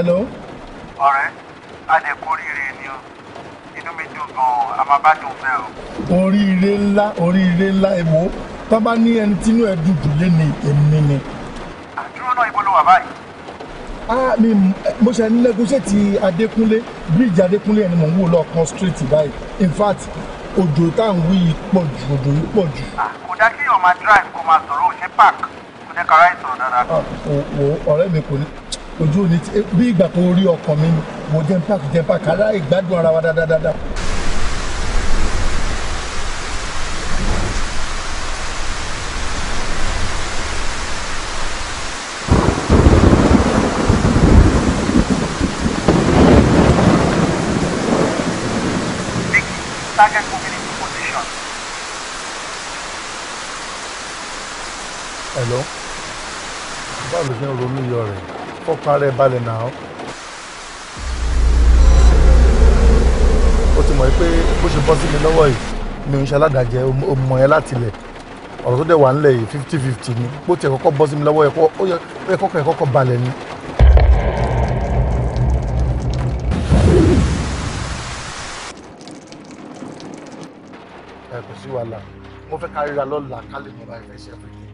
hello. ọ̀rẹ́ adé kórìíre ni o inú mi dùn gan-an a máa bá dùn fẹ́ o. oríire ńlá oríire ńlá èwo tó bá ní ẹni tínú ẹ dùn jù lé ni èmi ni. àdúró náà ibo ló wà báyìí. Ah, mi mo ṣe nílẹ́gúnṣẹ́ ti Adékúnlé bíríìjì Adékúnlé ẹni mò ń wò lọ́ọ̀kan street báyìí in fact òjò tá à ń wí yìí pọ̀ jù òjò yìí pọ̀ jù. kò dá kí ọmọ drive kó máa sọ̀rọ̀ òṣè park kò dé kára ìsọ̀rọ̀ dáadáa. Ah, ọ̀rẹ́ mi kò ní ojú òní eh, bí ìgbà tó rí ọkọ̀ mi mo jẹ́ pàkì jẹ́ pàkì ara ìgbádùn ara wa dáadáa. Hello. báwo ló ṣe ń ronú iyọ̀ rẹ̀ fọkàn rẹ balẹ̀ náà ó ti mọ̀ pé bó ṣe bọ́ sí mi lọ́wọ́ yìí mi ò ń ṣe aládàjẹ́ o mọ̀ láti lẹ̀ ọ̀rọ̀ tó dẹ̀ wà ńlẹ̀ yìí fifty fifty ni bó tiẹ̀ kọ́kọ́ bọ́ sí mi lọ́wọ́ ẹ̀kọ́ ó yẹ kọ́kọ́ ẹ̀kọ́kọ́ balẹ̀ ni. ẹ kò sí wàhálà mo fẹ́ ká ríra lọ́la ká lè bá ẹ ṣe é fún mi.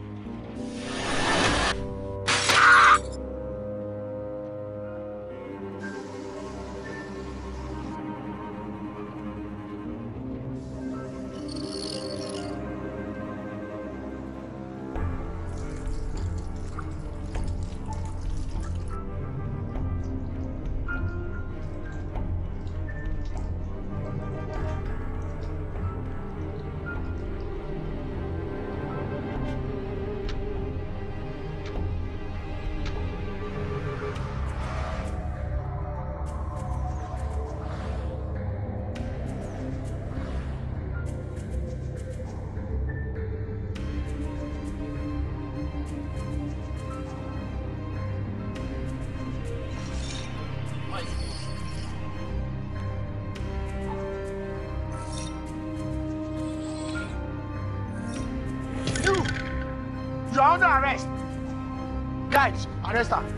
ありました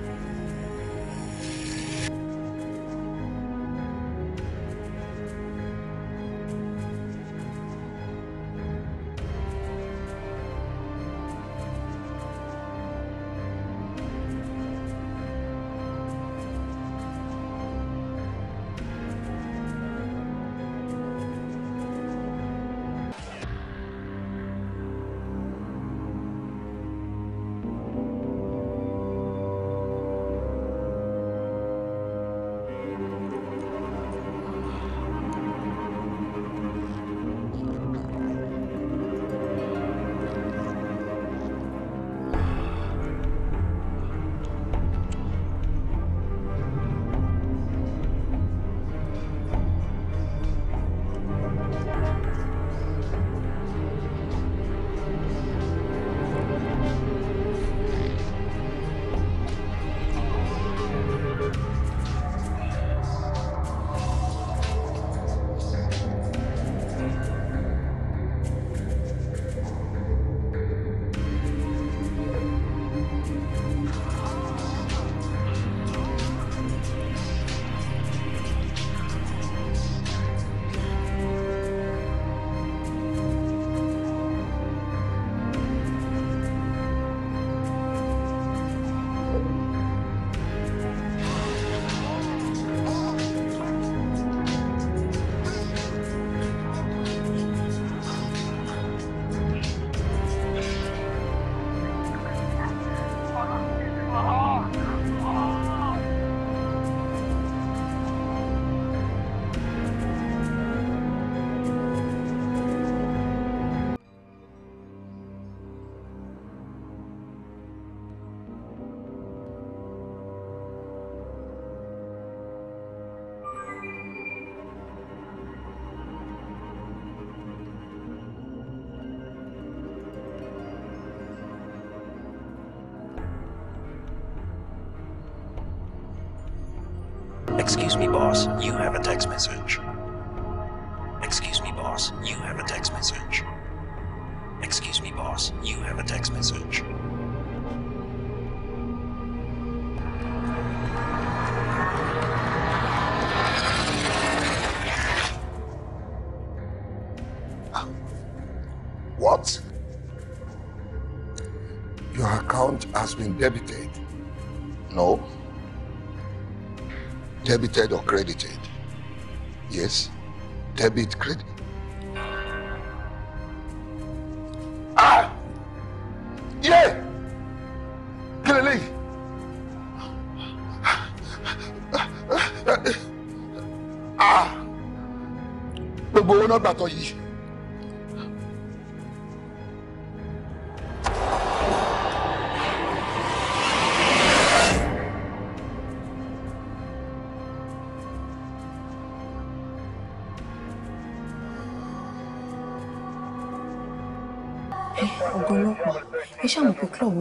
boss, you have a text message.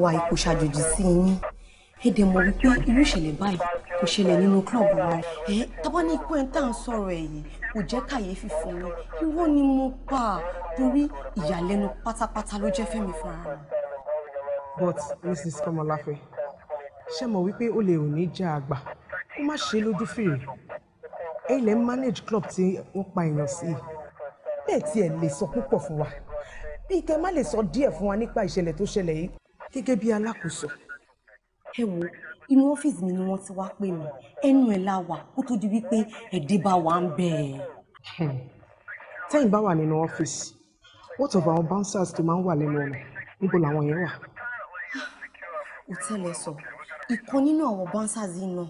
wa ipò ṣàjòjì sí yín ẹ dẹ̀ mọ̀ wípé irú ìṣẹ̀lẹ̀ báyìí kò ṣẹlẹ̀ nínú club wa ẹ tábà ní ikú ẹ̀ tá à ń sọ̀rọ̀ ẹ̀ kò jẹ́ kàyéfì fún mi irọ́ ni mo pa torí ìyàlẹ́nu pátápátá ló jẹ́ fẹ́mi fúnra rẹ̀. but mrs kọmọláfẹ ṣe mọ̀ wípé o lè ò ní jẹ àgbà kó má ṣe lójú fèrè ẹ lè manage club tí wọ́n pa èèyàn sí i bẹ́ẹ̀ tiẹ̀ lè sọ púpọ̀ fún wa bí kẹ́ má lè sọ díẹ̀ fún wa nípa ìṣẹ̀lẹ̀ tó ṣẹlẹ̀ yìí gẹ́gẹ́ bí alákòóso ẹ wo inú ọ́fíìsì mi ni wọ́n ti wá pè mí ẹnu ẹ̀ la wà kó tó di wípé ẹ̀dín bá wà ń bẹ̀ ẹ̀. Hmm. tẹ́yìn bá wà nínú ọ́fíìsì what of àwọn bouncers tó máa ń wà lẹ́nu ọ̀nà níbo làwọn yẹn wà. ó tẹ́lẹ̀ sọ ìkan nínú àwọn bouncers yìí náà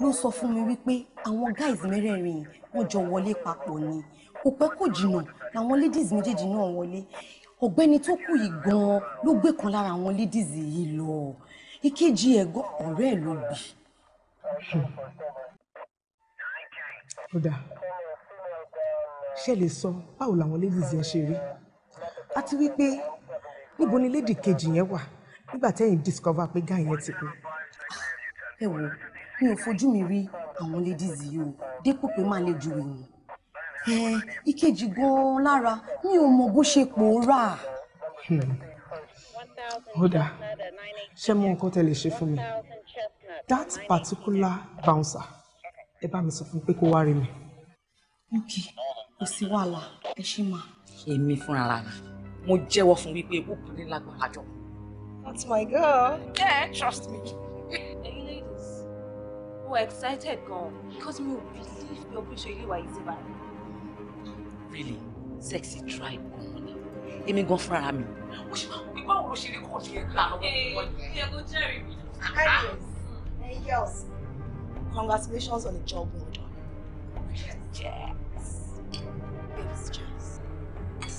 ló sọ fún mi wípé àwọn guys mẹ́rẹ̀ẹ̀rin wọ́n jọ wọlé papọ̀ ni kò pẹ́ kò jìnnà làwọn ladies méjèèjì náà wọlé ọ̀gbẹ́ni tó kù yìí gan-an ló gbé kan lára àwọn ladies yìí lọ ìkejì ẹ̀gbọ́n ọ̀rẹ́ ẹ̀ ló bì. ó dáa ṣe lè sọ báwo làwọn ladies yẹn ṣe rí àti wípé níbo ni lady kejì yẹn wà nígbà tẹ́yìn discover pé guy yẹn ti kú. ẹ wo mi ò fojú mi rí àwọn ladies yìí o dépò pé máa lè ju èèyàn Eh, ìkejì gan-an lára mi ò mọ bó ṣe pòórà. Hmm. ó dáa ṣé mo nǹkan tẹ́ ṣe fún mi that particular bouncer ẹ bá mi sọ fún pé kó wá rí mi. ok kò sí wàhálà ẹ ṣì máa. èmi fúnra mi mo jẹ́wọ́ fún wípé obìnrin lágbára jọ. that's my girl. yeah trust me. hey ladies we're excited gan because we believe your picture yìí wà yìí sí báyìí really sexy try gan ni èmi gan fúnra mi ó ṣe máa ń gbígbá òun ló ṣe rí kò ṣe é gbà lọ́wọ́ ìwọ̀n yẹn. mi. Ah, hey girls congratulations on the job well done. yes. yes. yes. yes.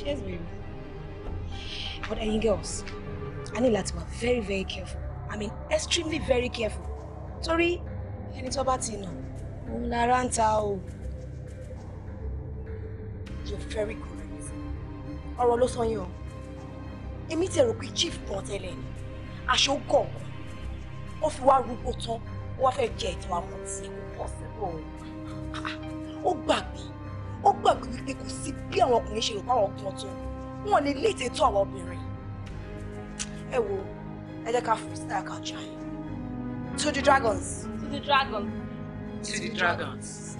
Cheers, baby. But ẹ̀yin girls, I need to be very, very careful. I mean, extremely very careful. Sorry, ẹni tó bá ti nà òun lára ń ta o. you're very correct ọ̀rọ̀ ló sọ yín o èmi ti rò pé chief kan tẹ́lẹ̀ ni aṣọ gọ̀ọ̀kan ó fi wá rúgbó tán ó wá fẹ́ jẹ ìtàn àwọn tí kò pọ̀ síbò ó gbàgbé ó gbàgbé wípé kò sí bí àwọn ọkùnrin ṣe rò páwọn kan tó wọn lè léètè tó àwọn obìnrin ẹ wo ẹ jẹ́ ká freestyle ká jà yìí to the dragons. the Dragons. To the dragons.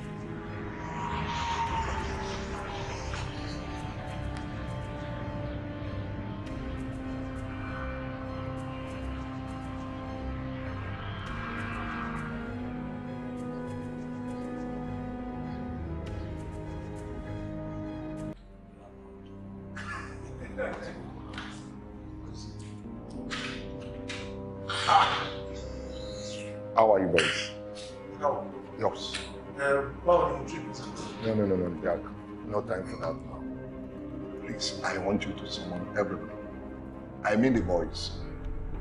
How are you, boys? How? Yes. Um, no, no, no, no, Jack. No time for that now. Please, I want you to summon everybody. I mean the boys.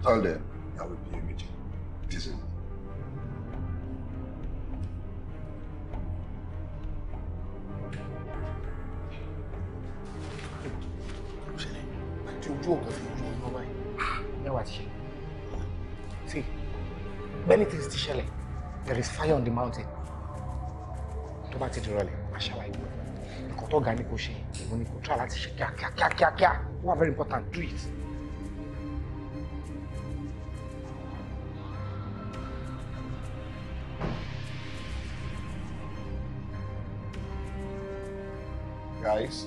Tell them there will be a meeting. there is fire on the mountain tó bá ti di rọ̀lẹ́ aṣáwa ìwé nǹkan tó ga ni kò ṣe èmi ni kò try láti ṣe kíákíá kíákíá kíá wà very important do it. guys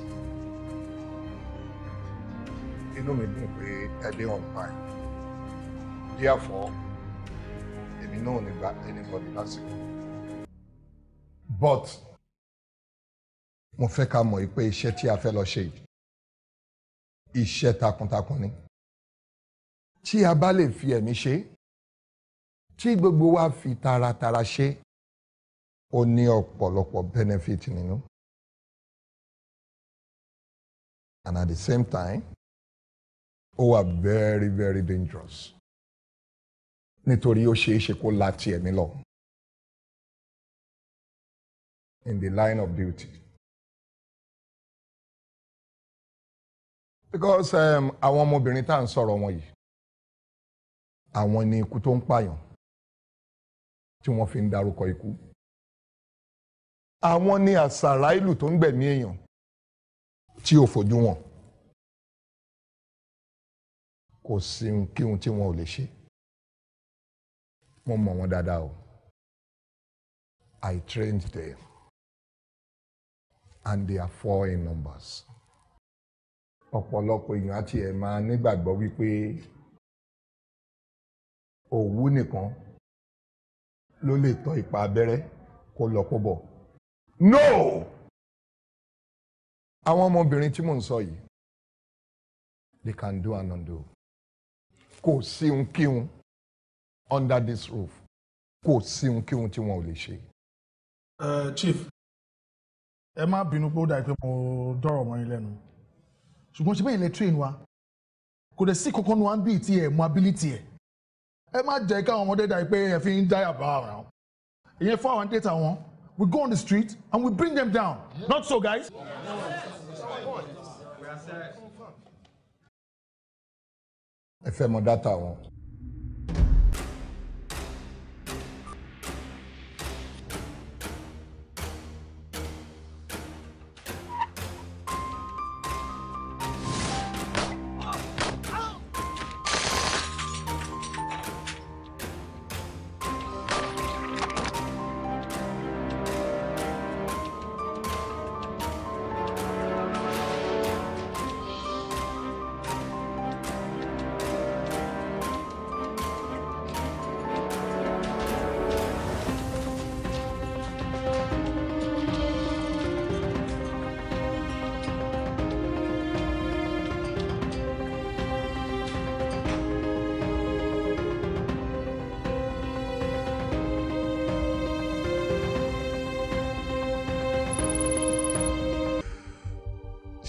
inú mi dùn pé ẹ dé on time therefore èmi náà ò ní gba anybody but mo fẹ́ ká mọ̀ pé iṣẹ́ tí a fẹ́ lọ ṣe yìí iṣẹ́ takuntakun ni tí a bá lè fi ẹ̀mí ṣe tí gbogbo wa fi taratara ṣe ó ní ọ̀pọ̀lọpọ̀ benefit nínú and at the same time ó wà very very dangerous nítorí ó ṣeé ṣe kó la ti ẹ̀mí lọ. in the line of duty. because um, àwọn ọmọbìnrin tá à ń sọ̀rọ̀ wọn yìí àwọn ni ikú tó ń pààyàn tí wọ́n fi ń darúkọ ikú àwọn ni àṣàrà ìlú tó ń gbẹ̀mí èèyàn tí ò fojú wọn kò sí ohun tí wọn ò lè ṣe mo mọ̀ wọ́n dáadáa o I trained them and they are four in numbers ọ̀pọ̀lọpọ̀ èèyàn àti ẹ̀ máa nígbàgbọ́ wípé òwú nìkan ló lè tọ́ ipa abẹ́rẹ́ kó lọ kó bọ̀ no àwọn ọmọbìnrin tí mò ń sọ yìí they can do and undo kò sí unkíhun under this roof kò sí ohunkóhun tí wọn ò lè ṣe. chief ẹ má bínú pé ó dà pé mo dọ̀rọ̀ mọ́ yín lẹ́nu ṣùgbọ́n ṣe bẹ́ẹ̀ lè train wa kò dẹ̀ sí kankan wa ń bí ti ẹ̀ mọ ability ẹ̀ ẹ má jẹ́ káwọn ọmọdé dà pé ẹ fi ń dá yàrá àwọn ìyẹn fún àwọn data wọn we go on the street and we bring them down not so guys. ẹ fẹ́ mọ data wọn.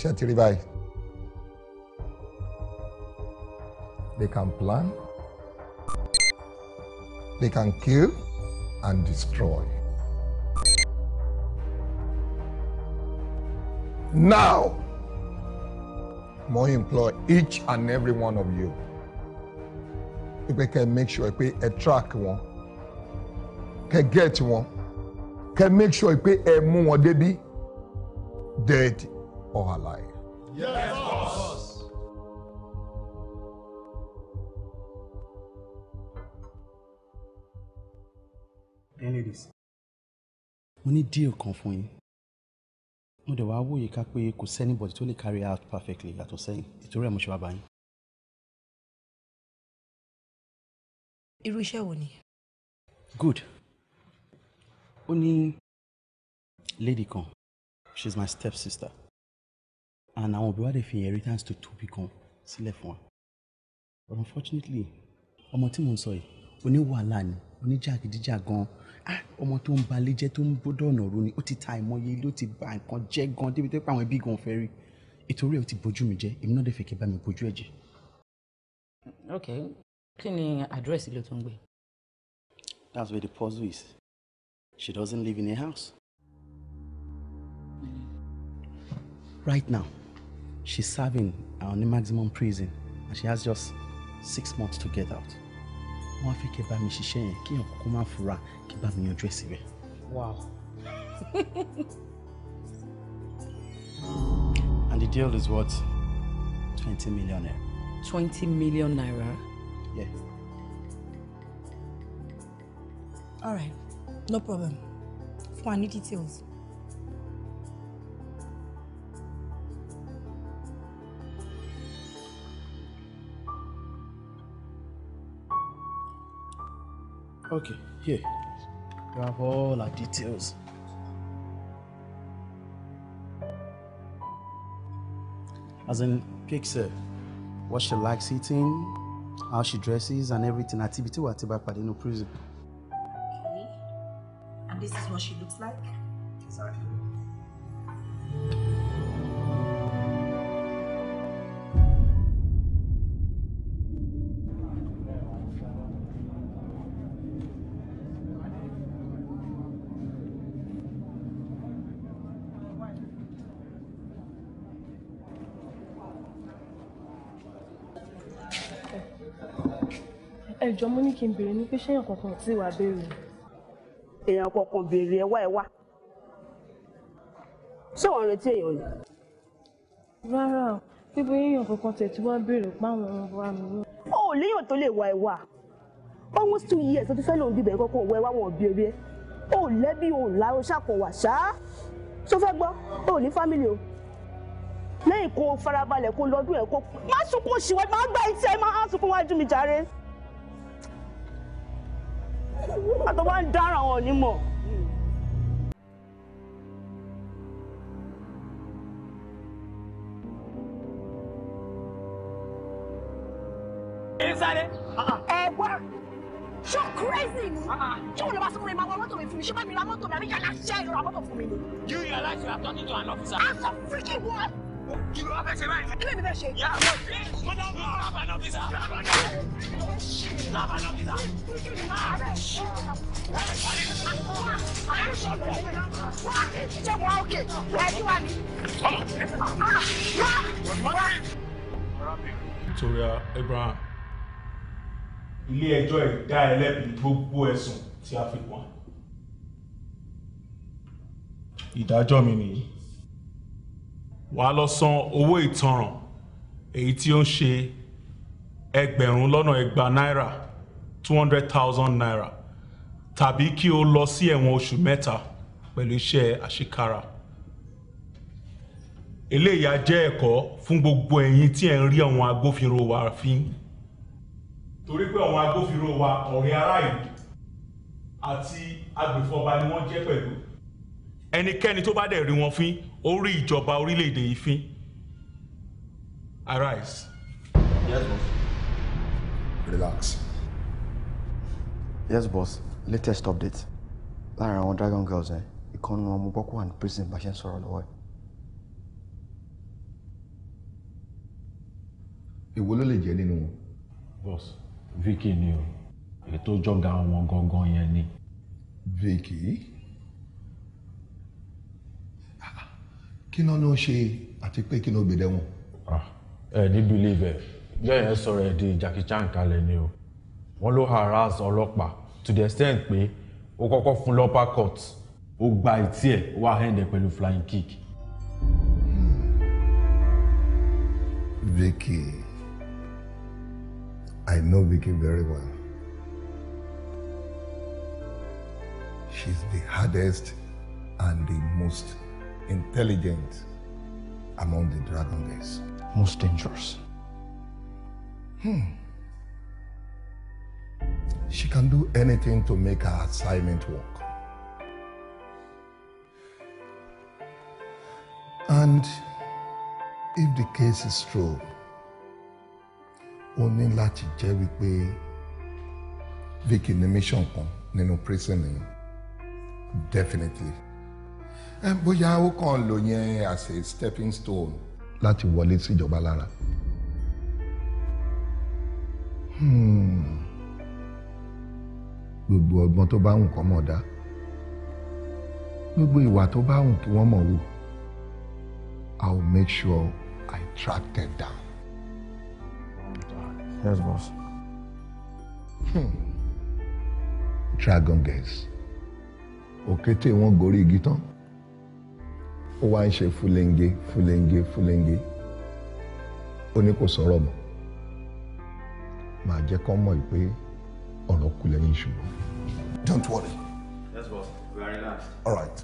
ṣé ti they can plan they can kill and destroy. Now, mo implore each and every one of you if pé can make sure pé ẹ e track wọn kẹ́ get one, can make sure pé ẹ e mú wọn débi dead or her life. Yes, boss. Hey ladies, mo ní deal kan fún yín. Mo dẹ̀ wá wòye ká pé kò sí anybody tó lè carry out perfectly yàtọ̀ sẹ́yìn. Ìtorí ẹ̀ mo ṣe wá bá yín. Irú iṣẹ́ wo ni? Good. Ó ní lady kan. She's my step sister and àwọn òbí wa dẹ̀ fi inheritance to tóbi kan sílẹ̀ fún wa but unfortunately ọmọ tí mò ń sọ yìí oníwàhálà ni oníjàgídíjà gan ah ọmọ tó ń balẹ̀ jẹ́ tó ń bọ́dọ̀ ọ̀nà òru ni ó ti ta ìmọye ló ti ba nǹkan jẹ́ gan débi tó pa àwọn ẹbí gan fẹ́ rí ìtorí ẹ̀ ó ti bójú mi jẹ́ èmi náà dẹ̀ fẹ́ kí ẹ bá mi bójú ẹ̀ jẹ́. ok kí ni àdírẹ́sì ló tó ń gbé. that's where the puzzle is she doesn't live in a house. Mm-hmm. right now She's serving on the maximum prison and she has just six months to get out. Wọ́n á fẹ́ kí ẹ bá mi ṣiṣẹ́ yẹn kí èèyàn kúkú má fura kí bá mi yanjú ẹ̀ síbẹ̀. Wow. and the deal is what? Twenty million naira. Twenty million naira? Yeah. All right, no problem. For any details. Okay, here. You have all our details. As in, pick her. What she likes eating, how she dresses, and everything. Activity what about Padino prison. Okay. And this is what she looks like? Exactly. jọ mo ní kí n béèrè ní pé ṣé èèyàn kankan tí wàá béèrè. èèyàn kankan béèrè ẹ wá ẹ wá ṣé wọn retí èèyàn ni. rárá o bíbo èèyàn kankan tẹ̀ wàá béèrè páwọn ọmọ wa mi. o ò léèyàn tó lè wá ẹ almost two years tó ti fẹ́ lòun bíbẹ̀ kọ́kọ́ wọ ẹ wá wọn béèrè ẹ o ò lẹ́bí o ò láró ṣàkànwà ṣáá tó fẹ́ gbọ́ o ò ní fámìlì o lẹ́yìn kó farabalẹ̀ kó lọ́dún ẹ̀ kó má sunkún síwájú má gbá etí ẹ má sunkún wájú mi jàre àtọ́ bá ń dára wọn ní mọ̀. ẹ wá ṣó crazy ni ṣé wọn lọ bá sọkùnrin máa wọ mọ́tò mi fún mi ṣé bá mi ra mọ́tò mi àbí yàrá ṣe you realize you are talking to an officer. as a freaking what kí ló wá Victoria Abraham ilé ẹjọ́ ẹ̀ dá ẹlẹ́bi gbogbo ẹ̀sùn tí a fi wọ́n. ìdájọ́ mi nìyí wàá lọ san owó ìtanràn èyí tí ó ń ṣe ẹgbẹ̀rún lọ́nà ẹgba náírà two hundred thousand naira tàbí kí o lọ sí ẹ̀wọ̀n oṣù mẹ́ta pẹ̀lú iṣẹ́ àṣekára eléyìí á jẹ́ ẹ̀kọ́ fún gbogbo ẹ̀yin tí ẹ̀ ń rí àwọn agbófinró wa fín torí pé àwọn agbófinró wa ọ̀rẹ́ ará ìlú àti agbèfọ́ba ni wọ́n jẹ́ pẹ̀lú ẹnikẹ́ni tó bá dẹ̀ rí wọn fín orí ìjọba orílẹ̀-èdè ìfín arise. yes boss. relax. yes boss latest update lára àwọn dragon girls ẹ eh, ìkànnì ọmọ boko and prison bá ṣe ń sọ̀rọ̀ lọ́wọ́ ẹ. èwo ló lè jẹ́ nínú wọn. boss vicky ni o èyí tó jọ̀gá wọn gangan yẹn ni. vicky. kí ló ló ṣe àti pé kí ló gbèdẹ wọn. ẹ ní believe ẹ bẹ́ẹ̀ yẹn sọ̀rọ̀ ẹ̀ di Jackie Chan kalẹ̀ ni o wọ́n ló harass ọlọ́pàá to the extent pé ó kọ́kọ́ fún lọ́pàá court ó gba ìtí ẹ̀ wá hẹ́ndẹ̀ pẹ̀lú flying kick. Hmm. Vicky, I know Vicky very well. She's the hardest and the most intelligent among the dragon guests. Most dangerous. Hmm. She can do anything to make her assignment work. And if the case is true, ó ní láti jẹ́ wípé Vicky ní mission kan nínú prison definitely bóyá ó kàn lò yẹn as a stepping stone láti wọlé síjọba lára. Hmm. gbogbo ọgbọ́n tó bá wùn kọ́ mọ̀ dá gbogbo ìwà tó bá wùn kí wọ́n mọ̀ wò I will make sure I track them down. Yes, boss. Hmm. Dragon guys òkété wọn gorí igi tán ó wá ń ṣe fúlẹ́ńgé fúlẹ́ńgé fúlẹ́ńgé ó ní kò sọ̀rọ̀ mọ́ màá jẹ́ kán mọ̀ pé ọ̀rọ̀ kù lẹ́yìn ìṣòro. don't worry. yes boss we are relaxed. all right.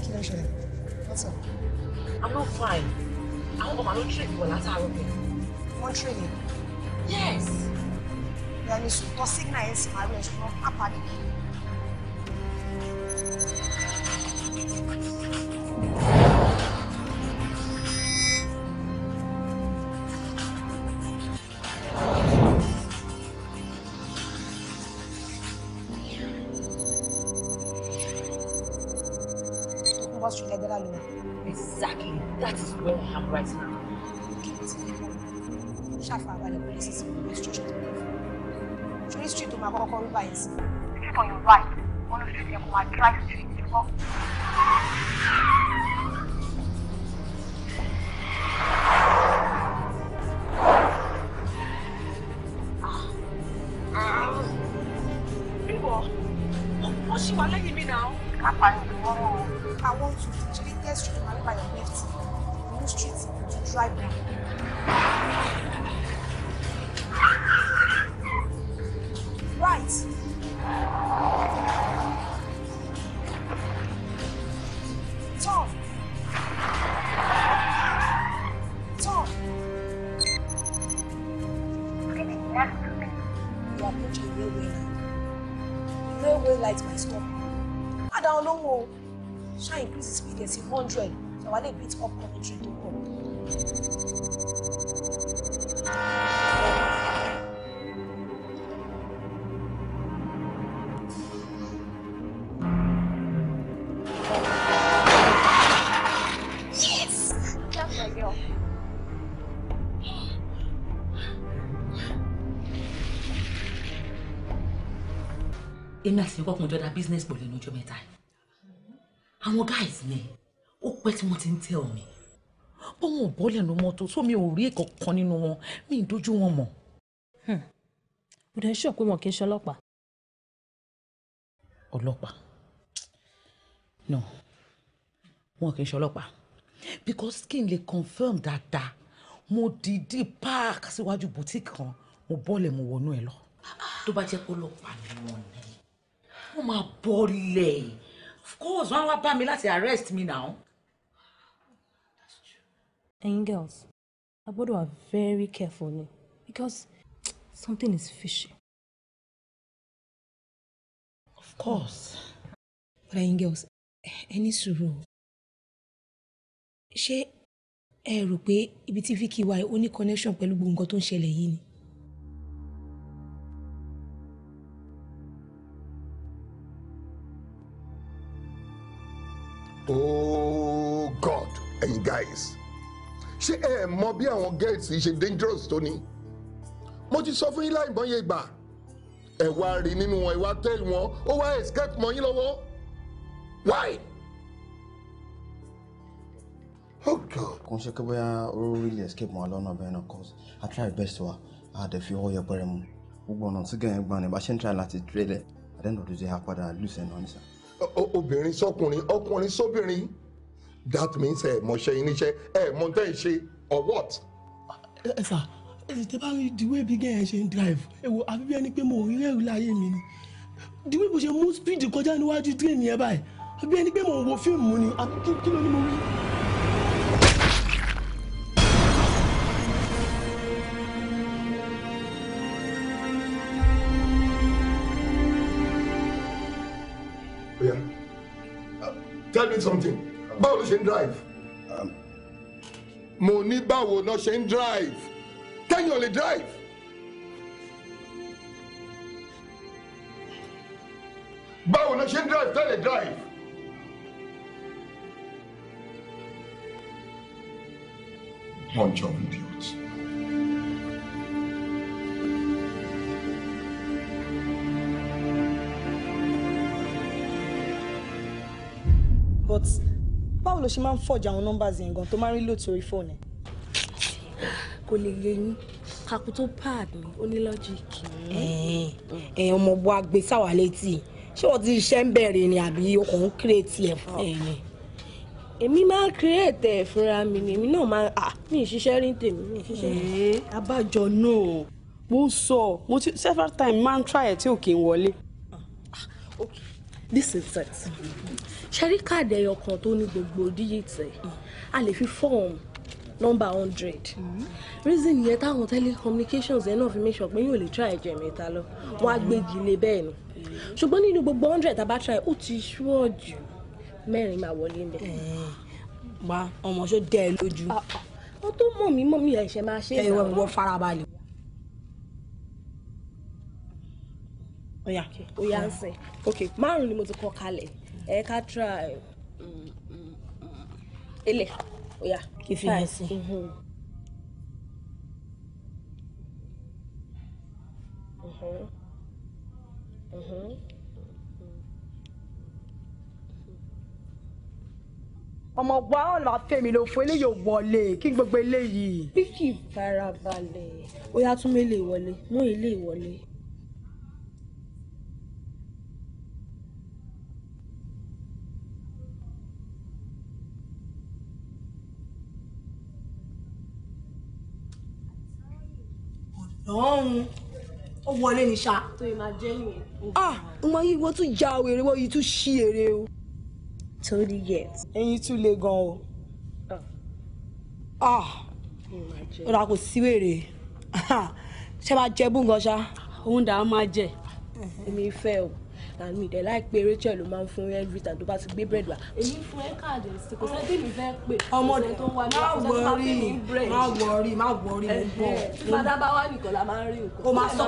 行きましょう。Exactly. That is where I am right now. Ṣáfà balẹ̀ kò lè ṣe sí ìwé ìṣòṣò tó lè fún. street tó máa kọ́kọ́ rí báyìí sí. on your right, wọ́n ló fi ẹ̀kọ́ máa hundred àwa lè beat up commentary tó pọ̀. èmi àti ẹ̀kọ́ kan jọ da business pọ̀ lẹ́nu ọjọ́ mẹ́ta yìí àwọn guys ni pẹ́ tí wọ́n ti ń tẹ̀ ọ́ mi bó wọn ò bọ́lẹ̀ ló mọ́tò tó mi ò rí ìkọ̀kan nínú wọn mi ì dojú wọn mọ̀. ó hmm. dẹ̀ ṣọ́ pé wọn kì í ṣe ọlọ́pàá. ọlọ́pàá no wọn kì í ṣe ọlọ́pàá because skin le lè confirm dáadáa mo dìídì park síwájú boutique kan mo bọ́lẹ̀ mo wọnú ẹ̀ lọ. tó bá jẹ́ pé ọlọ́pàá ni wọ́n ní wọ́n máa bọ́lẹ̀ of course wọ́n á wá bá mi láti arrest mi now. And girls a are very careful ni because something is fishy. of course but ẹ̀yin girls ẹ ní sùúrù o ṣé ẹ rò pé ibi tí Vicky wà ó connection pelu gbogbo nǹkan tó ń ṣẹlẹ̀ ni. Oh God and guys ṣé ẹ mọ bí àwọn girls yìí ṣe dangerous tó ni mo ti sọ fún yín láìbọn yé gbà ẹ wá rí nínú wọn ẹ wá tẹ́lẹ̀ wọn ó wá escape mọ́ yín lọ́wọ́ why. Oh kò ń ṣe pé bóyá ó really escape mọ́ lọ́nà bẹ́ẹ̀ náà cause I try best wa a dẹ̀ fi ọwọ́ yẹpẹrẹ mu gbogbo ọ̀nà tí gẹ̀yìn gbọ́n ni bá ṣe ń try láti trailer àdéhùn òdòdó yà padà lùsẹ̀ náà nìṣà. obìnrin sọkùnrin ọkùnrin sóbìnrin. So that means ẹ eh, mọṣẹ yín níṣẹ́ ẹ mọ tẹ́ ẹ ṣe or what. ẹ eh, eh, sà tẹ bá rí the way bí gẹ́yẹn ṣe ń drive ẹ wo àbí bí ẹni pé mo rí rẹ́rù láyé mi ni the way bó ṣe mú speed kọjá níwájú train yẹn báyìí àbí ẹni pé mo wo fíìmù ni àbí kí ló ní mo rí. Uh, tell me something ṣe ń drive um. mo ní báwo náà ṣe ń drive tẹ́yìn ò lè drive. báwo náà ṣe ń drive tẹ́lẹ̀ drive. bunch of idiots. But báwo ló ṣe máa ń fọ̀jà àwọn nọ́mbàs yẹn gan tó máa ń rí lóòótọ́ orí fóònù ẹ̀. kò lè yé yín kakú tó pad mi ó ní lọ́jìkì. ẹ ọmọ bu agbe sáwà létí ṣé wọ́n ti iṣẹ́ ń bẹ̀rẹ̀ ni àbí ọkọ̀ ń kírètì ẹ̀ fún ẹ̀ ni. èmi máa ń kírètì ẹ̀ fúnra mi ni èmi náà máa à ah, mi ì ṣiṣẹ́ rí tèmi mi ì ṣiṣẹ́ rí. abájọ náà mo ń sọ mo ti several times máa ń try ẹ̀ tí ò kí ń wọlé. Ah, okay this is it ṣe rí káàdì ẹyọ kan tó ní gbogbo díjìtì a lè fi fọ́ọ̀mù nọ́mbà hundred mm-hmm. reason yẹn táwọn telecommunications yẹn náà fi make pé yóò lè try ẹ̀jẹ̀ mẹ́ta lọ wọ́n á gbégi lé bẹ́ẹ̀ nù mm-hmm. ṣùgbọ́n nínú gbogbo hundred tá a bá try ó ti ṣúọ̀ jù mẹ́rin máa wọlé ń bẹ̀. wa ọmọ ṣó dẹ ẹ lójú. Ah, ah. wọ́n tó mọ̀ mí mọ̀ mí ẹ̀ ṣe máa ṣe é. ẹ wọ́n farabalẹ̀. ó yá ó yá ok márùn ni mo ti kọ kalẹ̀ ẹ ká try ele oya kí fi yẹn sí. Mhm. Mhm. Mhm. ọmọ wa ọ lọ fẹmi ló fún eléyìí ò wọlé kí gbogbo eléyìí. bí kì í fara balẹ̀ ó yá tún wọlé mú ilé ìwọlé. ọ̀hún ó wọlé ní ṣá. tó yẹ máa jẹ́ ìwé. ah ọmọ yìí wọ́n tún ja wèrè wọ́n yìí tún ṣí èrè o. torí yẹ. ẹyin tún le gan o. ah, ah. ó dà kò sí wèrè ṣé máa jẹ bú nǹkan ṣá. òun dà á máa jẹ èmi fẹ́ o and mi dẹ̀ láì pé Rachel ló máa ń fún every time tó bá ti gbé bread wá. èmi fún ẹ káàdì ẹsẹ kò sẹ́ni mi fẹ́ pé ọmọdé tó wà ní ọ̀sẹ̀ tó máa fẹ́ mi bread. má wọrí má wọrí mo bọ̀. bàdá bá wà nìkan la máa ń rí nǹkan. o máa sọ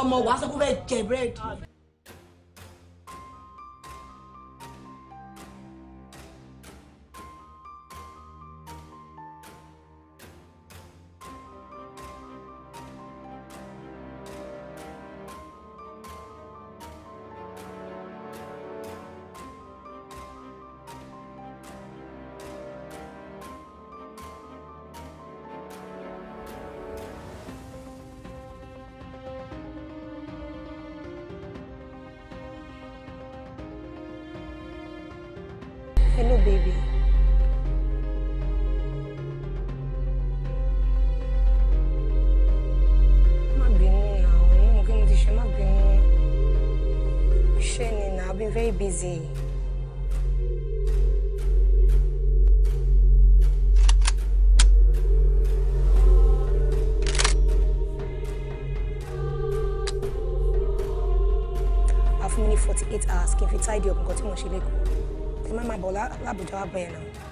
ọmọ wàá sọ pé ó fẹ́ jẹ bread. crazy. I've only 48 hours. If you tidy up, got to much illegal. The mama bola, la bujawa boy now.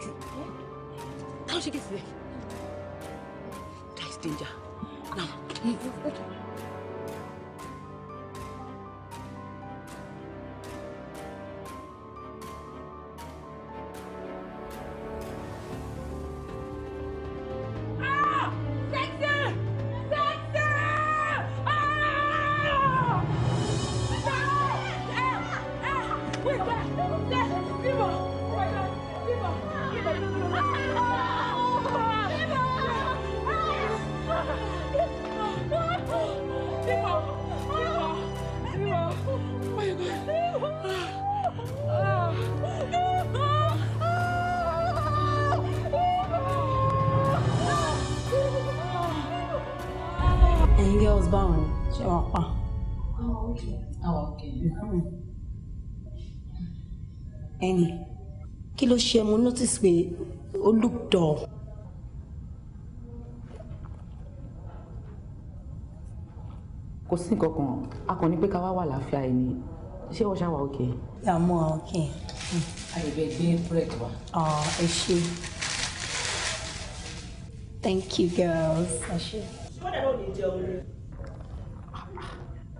sexy. How she gets there? That is danger. Now, move. ló ṣe mo notice pé ó look dull. kò sí nǹkan kan a kàn ní pé ká wá wà láàfíà ẹ ṣé wọ́n ṣáà wà òkè. ìyàmú òkè. àyẹ̀bẹ̀ gbé bread wa. ọ̀ ẹ ṣe. Thank you, girls. ṣé wọ́n dẹ̀ ò ní jẹun rẹ̀?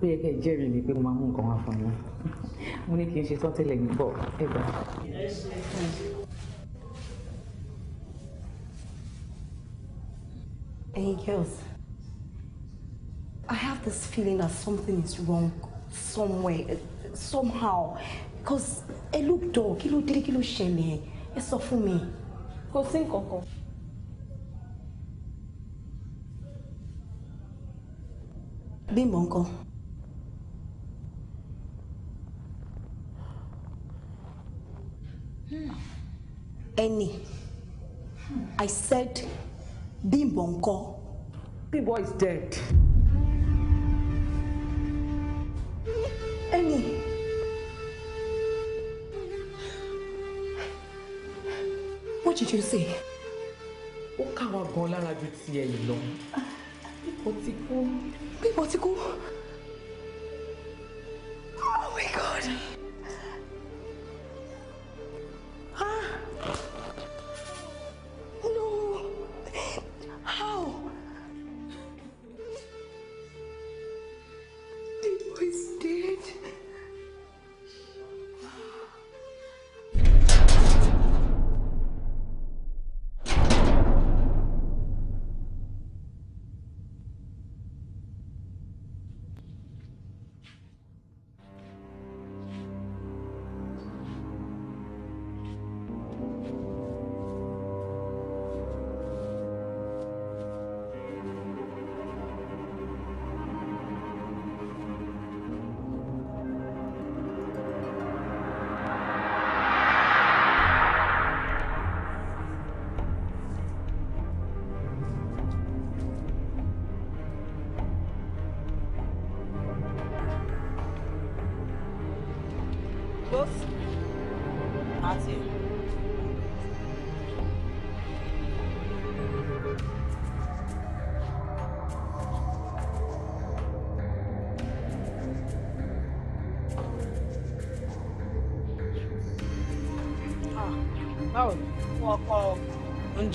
ó yẹ kẹ́ ẹ jẹ́rìí pé mo máa mú nǹkan wá fún yín mo ní kí n ṣe tọ́tẹ̀lẹ̀ mi bọ̀ ẹ gbà. Hey girls, I have this feeling that something is wrong somewhere, somehow, because ẹ look dọ̀ kí ló dé kí ló ṣẹlẹ̀ ẹ sọ fún mi. Kò sí nǹkan kan. Any, I said Bimbonko. ńkọ́. Bimbo is dead. Any, What did you say? Ó káwa gan lára ju tiẹ̀ yìí lọ. Bímbọ́ ti kú. Bímbọ́ ti kú.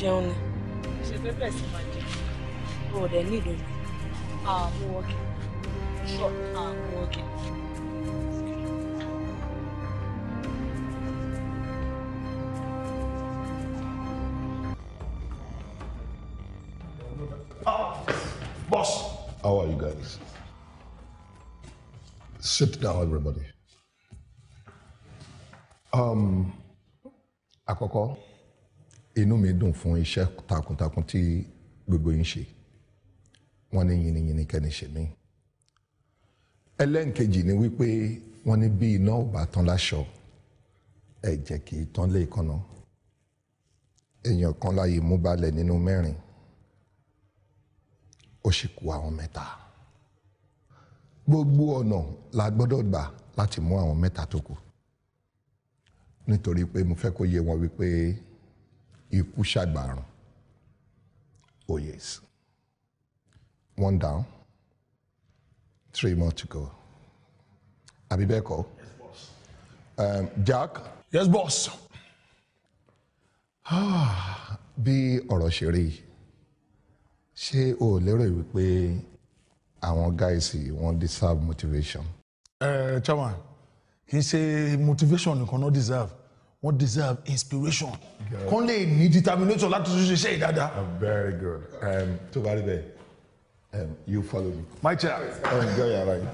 jẹun ni. ṣe fẹ́ bẹ̀rẹ̀ sí máa jẹun. o ò dẹ̀ ní ìdòdò. àmú wọ́ọ̀kì. ṣọ́ àmú wọ́ọ̀kì. Boss. How are you guys? Sit down, everybody. Um, Akoko inú mi dùn fún iṣẹ́ takuntakun tí gbogbo yín ṣe wọ́n ní yìnyínyìnyín kẹ́ni ṣe mí. ẹlẹ́nkejì ni wípé wọ́n ní bí iná ò bá tán láṣọ ẹ̀jẹ̀ kì í tán lé ìkànnà èèyàn kan láàyè mú balẹ̀ nínú mẹ́rin ó sì kù àwọn mẹ́ta gbogbo ọ̀nà la gbọ́dọ̀ gbà láti mú àwọn mẹ́ta tó kù nítorí pé mo fẹ́ kó yé wọn wípé ikú ṣàgbàrùn oh yes one down three more to go àbí bẹ́ẹ̀ kọ́ um, Jack. yes boss. Ah, bí ọ̀rọ̀ ṣe rí ṣé o lérò wípé àwọn guys wọ́n deserve motivation. ẹ uh, eh, chairman kì í ṣe motivation nìkan náà deserve wọ́n deserve inspiration kán lè ní determination láti tún ṣiṣẹ́ ìdáadáa. very good um, tó bá rí bẹ́ẹ̀ um, you follow me. my chair. enjoy your ride.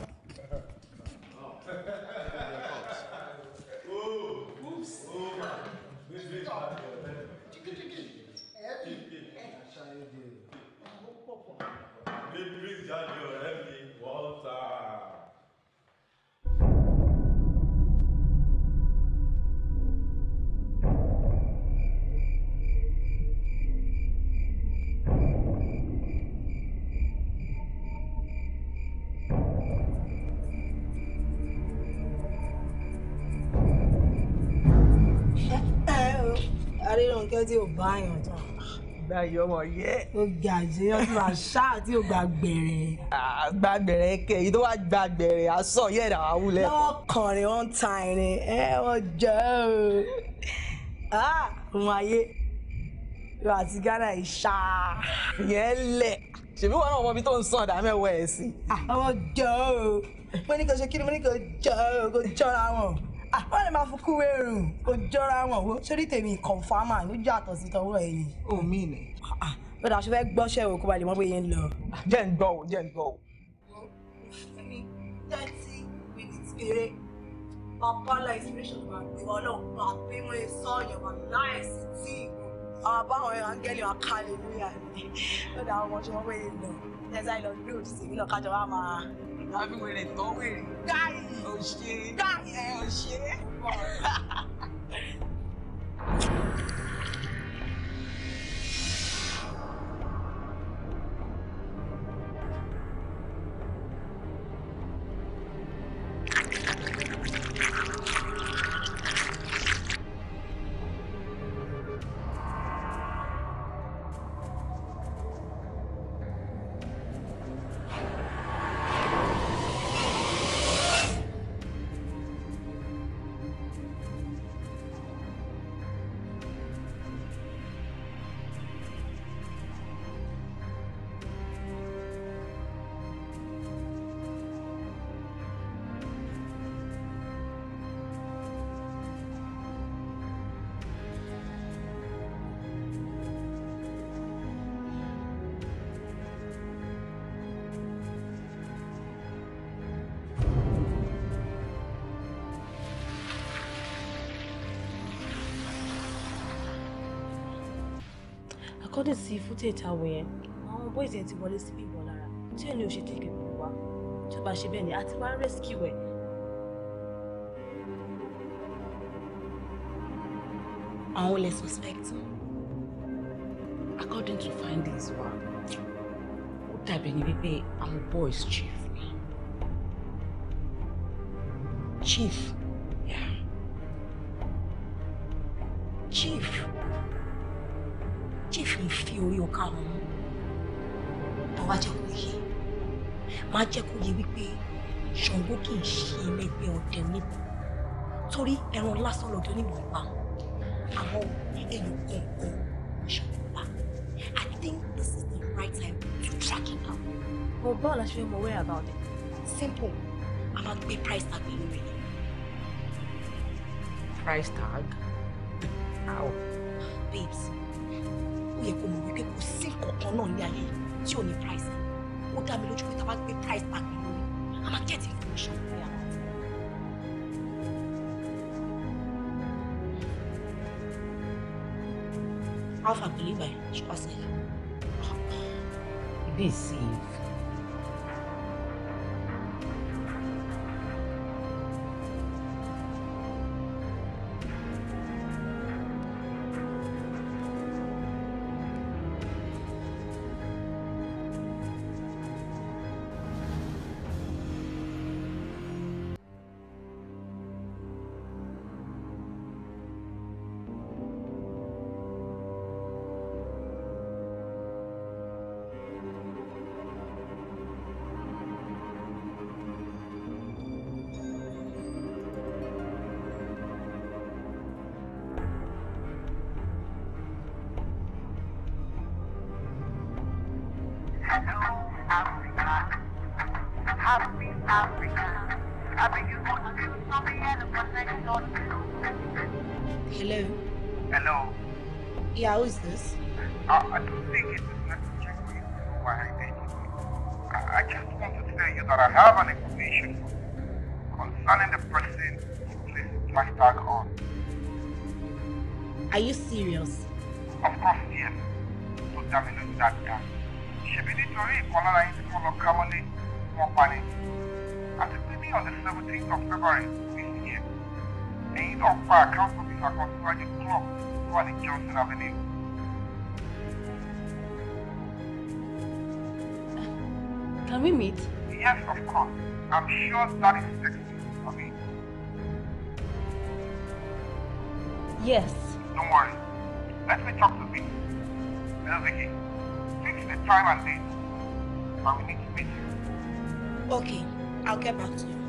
tí ò bá yàn tán. gba iye ọmọ yẹ. ó ga àṣeyọ tí wàá ṣá tí ò gba gbẹ̀rẹ̀. gba gbẹ̀rẹ̀ kẹ èyí tó wá gba gbẹ̀rẹ̀ aṣọ yẹ ẹ̀dá wàá wúlẹ̀. lọ́wọ́ kọrin wọ́n ta irin ẹ wọ́n jẹ́ o. ohun ayé lọ àti Ghana ìṣá yẹn lẹ̀ ṣèbí wọn náà mọ ibi tó ń sàn dá mẹ́wọ́ ẹ̀ sí. àwọn jọ o mo ní kò ṣe kí ni mo ní kò jọ o kò jọra wọn wọ́n lè máa fukú wẹ̀rùn kò jọra wọn wo sórí tèmi kọ̀ǹfàmà ló jẹ́ àtọ̀ sí tọwọ́ ẹ̀yìn. o mi nì. bẹ́ẹ̀ aṣọ fẹ́ gbọ́ṣẹ́ o kó ba lè mọ bóyá ń lọ. Ah, jẹ́ ń gbọ́ o jẹ́ ń gbọ́ o. fún mi thirty minutes péré babalá inspiration máa gbé wa náà máa gbé wọn sọ ọyàn wà láìsí tí àbáwọn angẹ́lì wa ká lè ní àná lọ́dọ̀ àwọn ọmọ ṣe wọ́n wẹ̀ lọ ẹ̀sán ìlọ lóòtù sí mi náà kájọ wá máa àbí wèrè tán wèrè. gáì òṣè gáì ẹ òṣè. according sí footage àwọn yẹn àwọn boys yẹn ti wọlé síbí ìwọ lára tí èyí ni ò ṣe tètè pè wá tó bá ṣe bẹ́ẹ̀ ni àti wá rescue ẹ̀. àwọn olè suspect according to findings wa ó dàbí ni wípé àwọn boys chief chief má jẹ́ kó yẹ wípé Ṣàngó kì í ṣe ẹlẹgbẹ́ ọdẹ níbọn torí ẹran lásán lọ́dẹ níbọn pa àwọn èèyàn kọ̀ọ̀kan Ṣàngó pa I think this is the right time to track him out. mo bá ọ̀la ṣe mọ̀ where about it. simple a máa gbé price tag nínú rẹ̀. price tag? how? babes ó yẹ kó mọ̀ wípé kò sí kankan náà ní ayé tí ò ní price tag ó dá mi lójú pé tàbá price tag nínú mi a máa get information alpha kò ní bàyẹ̀ ṣùgbọ́n sẹ́yà. be safe. Yeah, who is this? I, I don't think it's necessary for you to know my identity. I, I just want to tell you that I have an information concerning the person who placed my tag on. Are you serious? Of course, yes. So damn that guy. She believed to read Kuala in the form of commonly At the meeting on the 17th of February this year, the end of council doing it? Yes, of course. I'm sure that is sexy for me. Yes. Don't worry. Let me talk to Vicky. Tell Vicky, fix the time and date. And we need to meet you. Okay. I'll get back to you.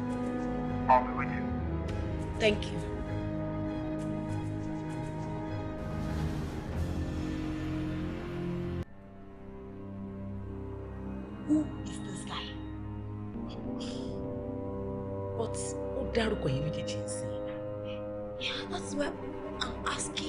I'll be with you. Thank you. dárúkọ yín méjèèjì sí i. Yeah, that's why I'm asking.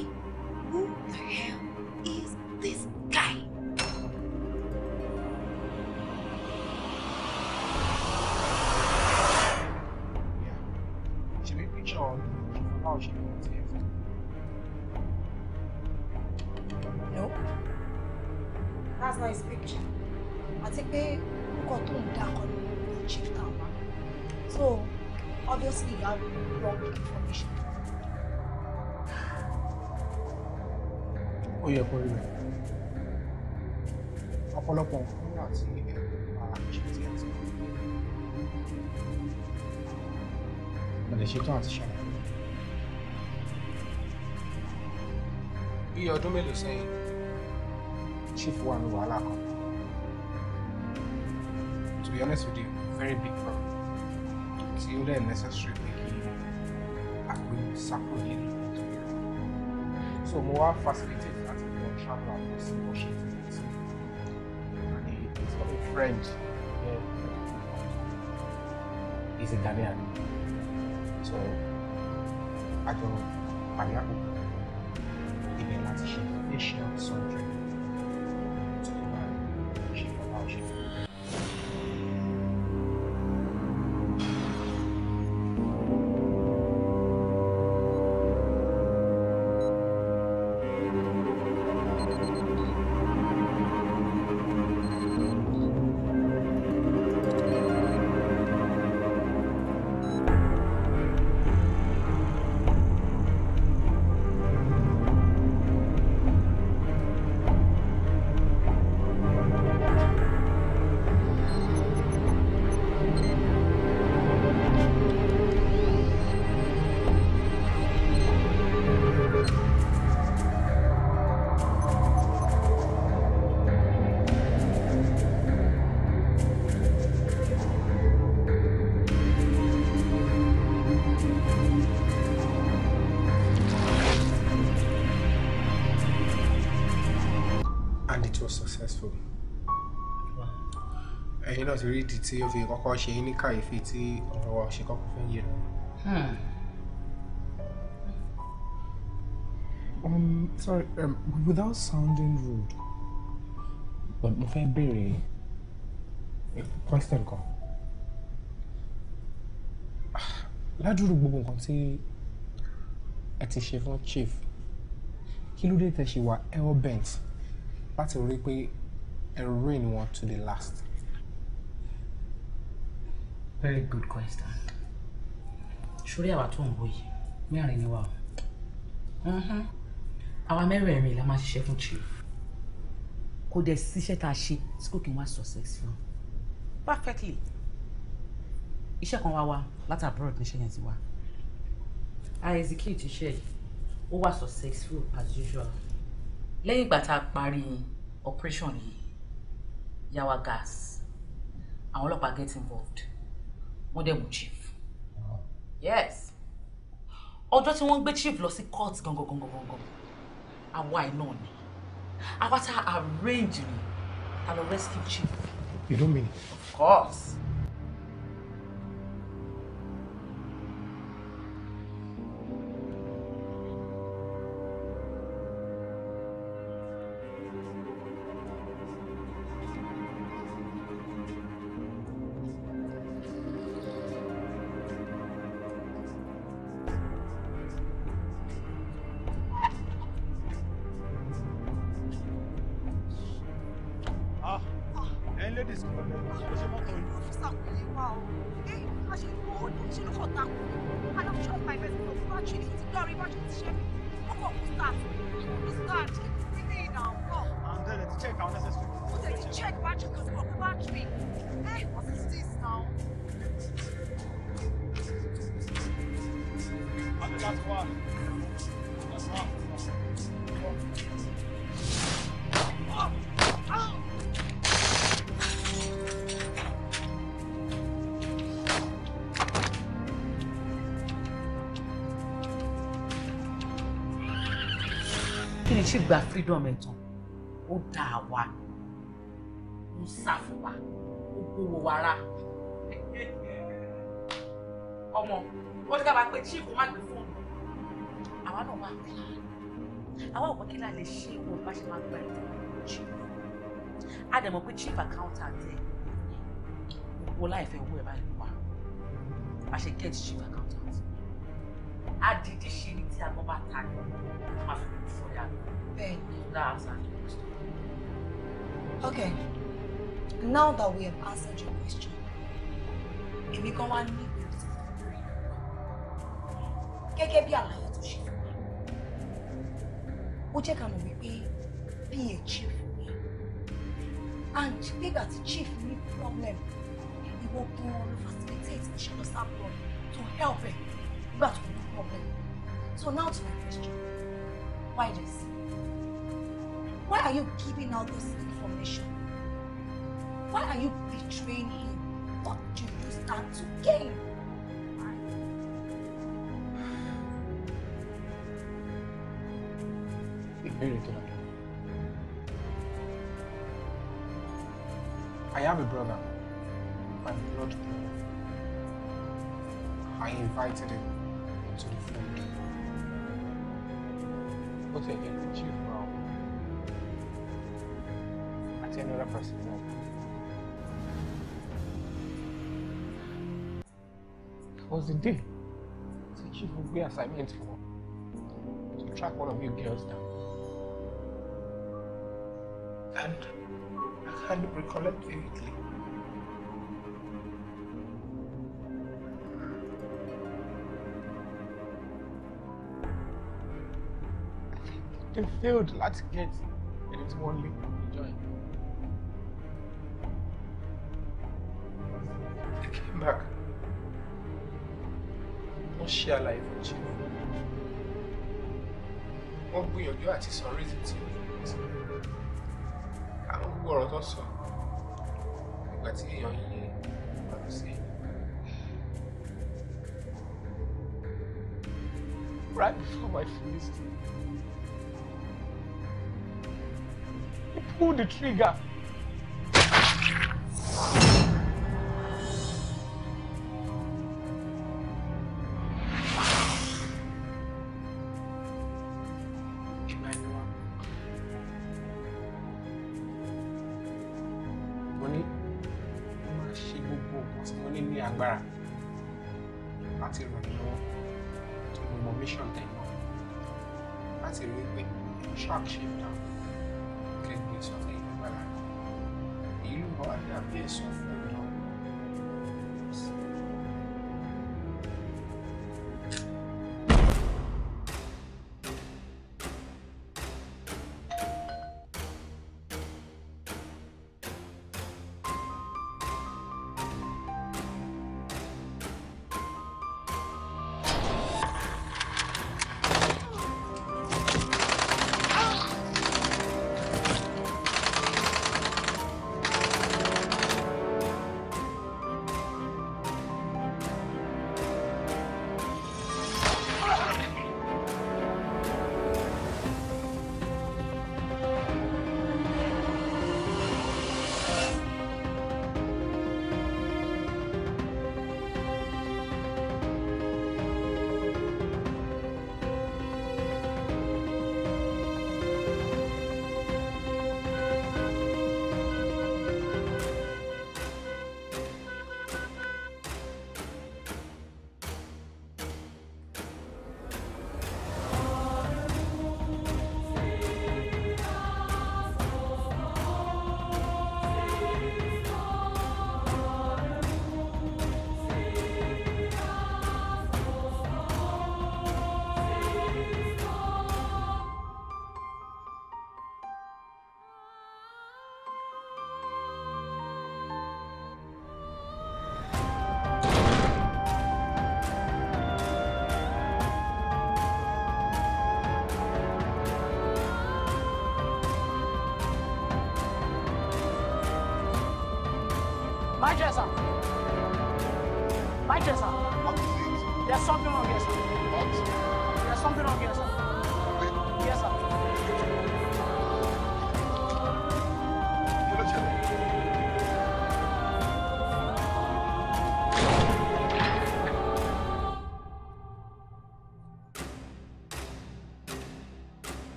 ó yẹ kó rí rẹ̀ ọ̀pọ̀lọpọ̀ nǹkan wà tí ẹ̀rọ máa ṣe tí ẹ ti rí bí ọdún mélòó sẹ́yìn chief wà ní wàhálà kan to be honest with you very big problem tí ó dẹ̀ necessary pé kí àpè sápò yìí so mo wá facilitate travel and go see worship music. He's got a friend here. He's a Ghanaian. So I don't I'm not even at Asian sundry. náà ti rí ìdí tí ó fi kọ́kọ́ ṣe ní kàyéfì tí ọ̀rọ̀ ṣe kọ́kọ́ fẹ́ yẹra. Um, sorry, um, without sounding rude, but mo fẹ́ béèrè question kan. Ládùúrú gbogbo nǹkan tí ẹ ti ṣe fún chief, kí ló dé tẹ̀ ṣe wà hell bent láti rí pé ẹ ruin wọn to the last? very good question sórí àwa tó ń wò yìí mẹ́rin ni wà o mm-hmm. àwa mẹ́rẹ̀ẹ̀rin la máa ṣiṣẹ́ fún chief kò dẹ̀ síṣẹ́ tá a ṣe tí kò successful perfectly Is she wá wá láti abroad she yẹn ti wá i execute iṣẹ́ yìí ó wà successful as usual lẹ́yìn ìgbà tá a parí operation yawa gas I will not get involved wọ́n dẹ̀ mú chief yes ọjọ́ tí wọ́n gbé chief lọ sí court gangan gangan gangan àwa iná ni àwa tá a arrange ni a lọ rescue chief. you don't mean it. of course. freedom ẹ̀ tán ó dá a wa ó ṣàfù wa ó gbowó wa rà ọmọ ó ní ká máa pe chief má gbé fóònù àwa náà máa pè é àwa òpin kí la lè ṣe ìwọ bá ṣe máa gba ìtàn chief á dẹ̀ mọ̀ pé chief accountant ẹ̀ wọ́n láì fẹ́ owó ẹ̀ báyìí wá a ṣe get chief accountant adìdí ṣe ní tí àgbọn ta ni wọn máa fi kú fún yàrá bẹ́ẹ̀ ni okay now that we have answered your question èmi kan wá ní ìrètí lórí gẹ́gẹ́ bí àlàyé tó ṣe fún mi ó jẹ́ ká mọ̀ wípé being a chief ni and nígbà tí chief ní problem ìwọ gan-an ló facilitate ìṣèlú sábọ̀ to help ẹ̀. So now to my question. Why this? Why are you giving all this information? Why are you betraying him? What do you stand to gain? I have a brother, my blood brother. I invited him go to again um, I choose now. At another person. It was the day the chief would be assignment for to track one of you girls down. And I can't recollect vividly. they failed Let's get ẹni It's wọ́n lé ìjọ yẹn. they came back No share, life, fún chief wọ́n gbìyànjú àti sọ reason tí ó fi àwọn gbogbo ọ̀rọ̀ tó sọ ìgbà tí èèyàn yìí pàdé sí right before my fullest. pull the trigger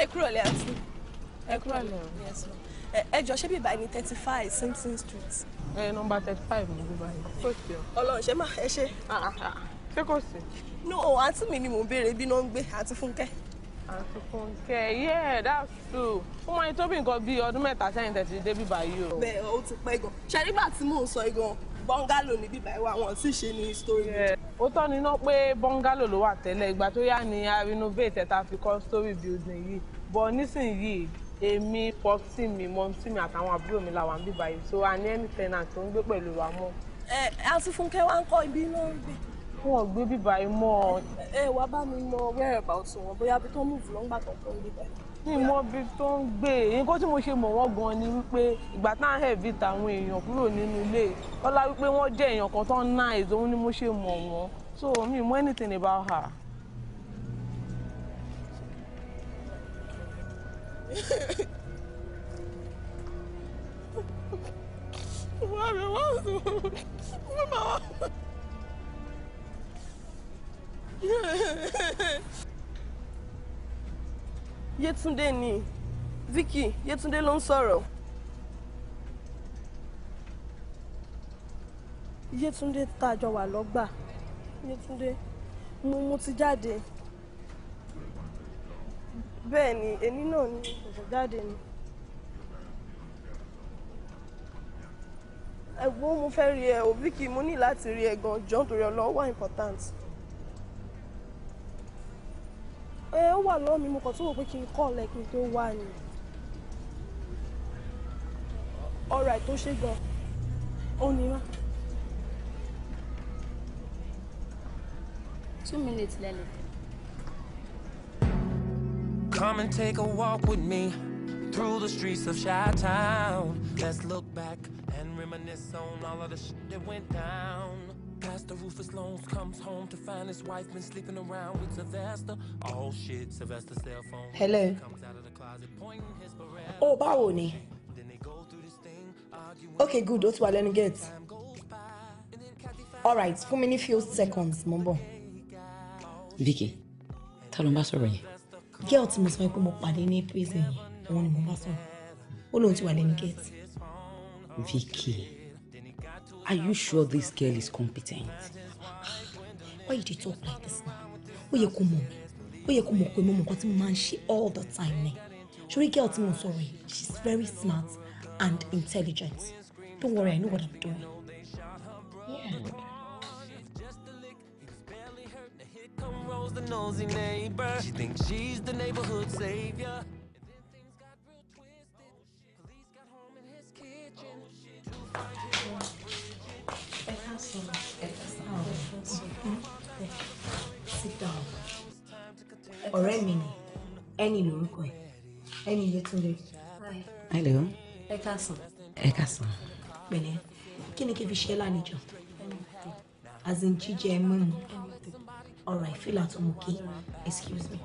ẹ kúrò lẹ́ àti ẹ kúrò lẹ́ o ẹ jọ ṣé bíbá ni thirty five Simpson Street. ẹ nọmba thirty five ni bíbá yìí. Ọlọ́run ṣe máa ẹ ṣe. Ah, ah, ah. ṣé kò sí. no àǹtí mi ni mò ń béèrè bí náà ń gbé àti Fúnkẹ́. àǹtí Fúnkẹ́ yeah that's true ó máa ń tó bí nǹkan bíi ọdún mẹ́ta sẹ́yìn tẹ̀sí dé bíbá yìí o. bẹ́ẹ̀ o ti pẹ́ gan ṣe nígbà tí mò ń sọ igan bọ́ngálò ní bíbá yìí wà wọ́n sì ṣe ní story ó tọ́ ni ná pé bọ́ngálò ló wà tẹ́lẹ̀ ìgbà tó yá ni a renovate ẹ̀ta fi kọ́ story building yìí bọ̀ nísìnyìí èmi pọ́pítì mi mọ́mítì mi àtàwọn àbúrò mi làwọn àbí báyìí so a ní ẹni tenant tó ń gbé pẹ̀lú wa mọ́. ẹ Àtìfúnkẹ́ wa ń kọ́ ibi náà ń gbé. wọn ò gbé bíbá yìí mọ́ ọ. ẹ wàá bá mi mọ whereabouts wọn bóyá ibi tó ń mú vlọ́ngbà tó ń kọ́ ibi ní ìmọ̀ ibi tó ń gbé nǹkan tí mo ṣe mọ̀ wọ́n gan ni wípé ìgbà tá à ń hẹ̀vì tàwọn èèyàn kúrò nínú ilé ọlá wípé wọ́n jẹ́ èèyàn kan tó ń náà èzò òun ni mo ṣe mọ̀ wọ́n so mi mọ̀ anything about her. Yétúndé ni Vicky Yétúndé ló ń sọ̀rọ̀. Yétúndé tàjọ wà lọ́gbà Yétúndé mo mo ti jáde bẹ́ẹ̀ ni èmi náà ni kò jáde ni. ẹ̀gbọ́n mo fẹ́ rí ẹ o Vicky mo ní láti rí ẹ gan-an jọ́ nítorí wà important. ẹ eh, wà lọ́wọ́ mi mo kàn tún wò pé kí n kọ́ ọ̀lẹ́ tó wà ní. ọ̀rọ̀ àìtó ṣe gan òun ni wá. two minutes lẹ́lẹ̀. Come and take a walk with me through the streets of Chi-Town. Let's look back and reminisce on all of the shit that went down. Pastor Rufus Loans comes home to find his wife been sleeping around with Sylvester. Oh shit, Sylvester's cell phone. Hello. Oh, báwo ni. Okay, good. Ó ti wà lẹ́nu gate. All right, How many few seconds, mo Vicky, ta ló ń bá Girl tí mo sọ pé mo pàdé ní prison yẹn, òun ni mo bá sọ̀rọ̀. Ó lóun ti Vicky. Are you sure this girl is competent? Why you dey talk like this now? Ó yẹ kó mọ̀ mi. Ó yẹ kó mọ̀ pé mo mọ̀ nǹkan tí all the time ni. Ṣorí girl tí mo sọ̀rọ̀ she's very smart and intelligent. Don't worry, I know what I'm doing. Yeah. She thinks she's the neighborhood savior. sit down. ọ̀rẹ́ mi ni ẹni lórúkọ ẹ̀ ẹni Yétúndé. hello. ẹ káàsán. ẹ káàsán. pẹ̀lẹ́ kí ni kí n fi ṣe lálejò as in jíjẹ mímu ọ̀rọ̀ ìfìlà tó mú kí excuse me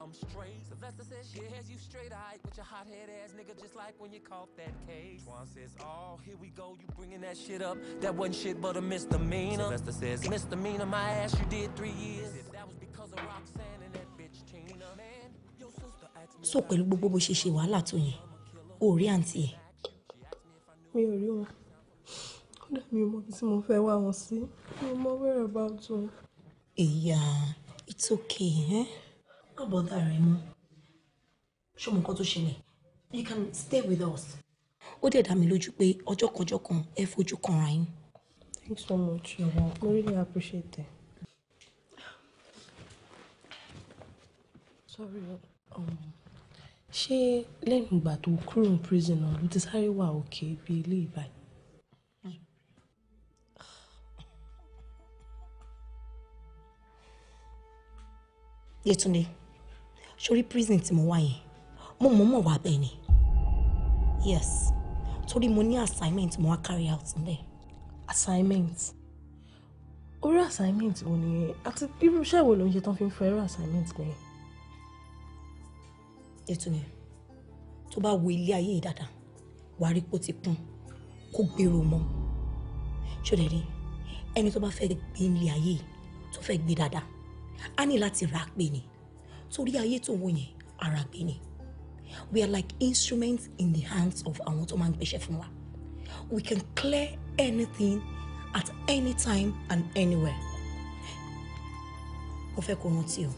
out, I'm straight. Sylvester says, yeah, you straight eyed with your hot head ass nigga, just like when you caught that case. Twan says, oh, here we go, you bringing that shit up. That wasn't shit but a misdemeanor. Sylvester says, misdemeanor, my ass, you did three years. That was because of Roxanne and that bitch Tina, man. Your sister asked me. So, pẹ̀lú gbogbo bó ṣe ṣe wàhálà tó yẹn, o rí àǹtí ẹ̀. Mi ò rí wọn. Kódà mi ò mọ ibi tí mo fẹ́ wá wọn sí. Mi mọ wẹ́rẹ̀ bá tó. Ìyá, it's okay, eh? Don't bother anymore. Show me what nǹkan tó you can stay with us. ó dẹ̀ dá mi lójú pé ọjọ́kọjọ́ kan ẹ fojú kanra yín. thank you so much mo really appreciate it. sorry um, ṣé lẹ́nu ìgbà tó kúrò ní prison náà this ti sáré wà òkè bíi ilé ìbàdàn. Yetunde sórí prison tí mo wá yẹn mo mọ̀ mọ̀ wá bẹ́ẹ̀ ni yes torí mo ní assignment mo wá carry out níbẹ̀ assignment orí assignment wo ni àti irú iṣẹ́ wo ló ń ṣe tán fi ń fọ irú assignment lẹ́yìn. ètò yẹn tó bá wo ilé ayé yìí dáadáa wàá rí pó ti kún kó gbèrò mọ́ ṣọlẹ̀ rí ẹni tó bá fẹ́ gbé ilé ayé yìí tó fẹ́ gbé dáadáa á ní láti rà á pé ni torí ayé tó wọ yẹn ara gbé ni we are like instruments in the hands of àwọn tó máa ń gbéṣẹ́ fún wa we can clear anything at any time and anywhere mo fẹ́ kó rántí o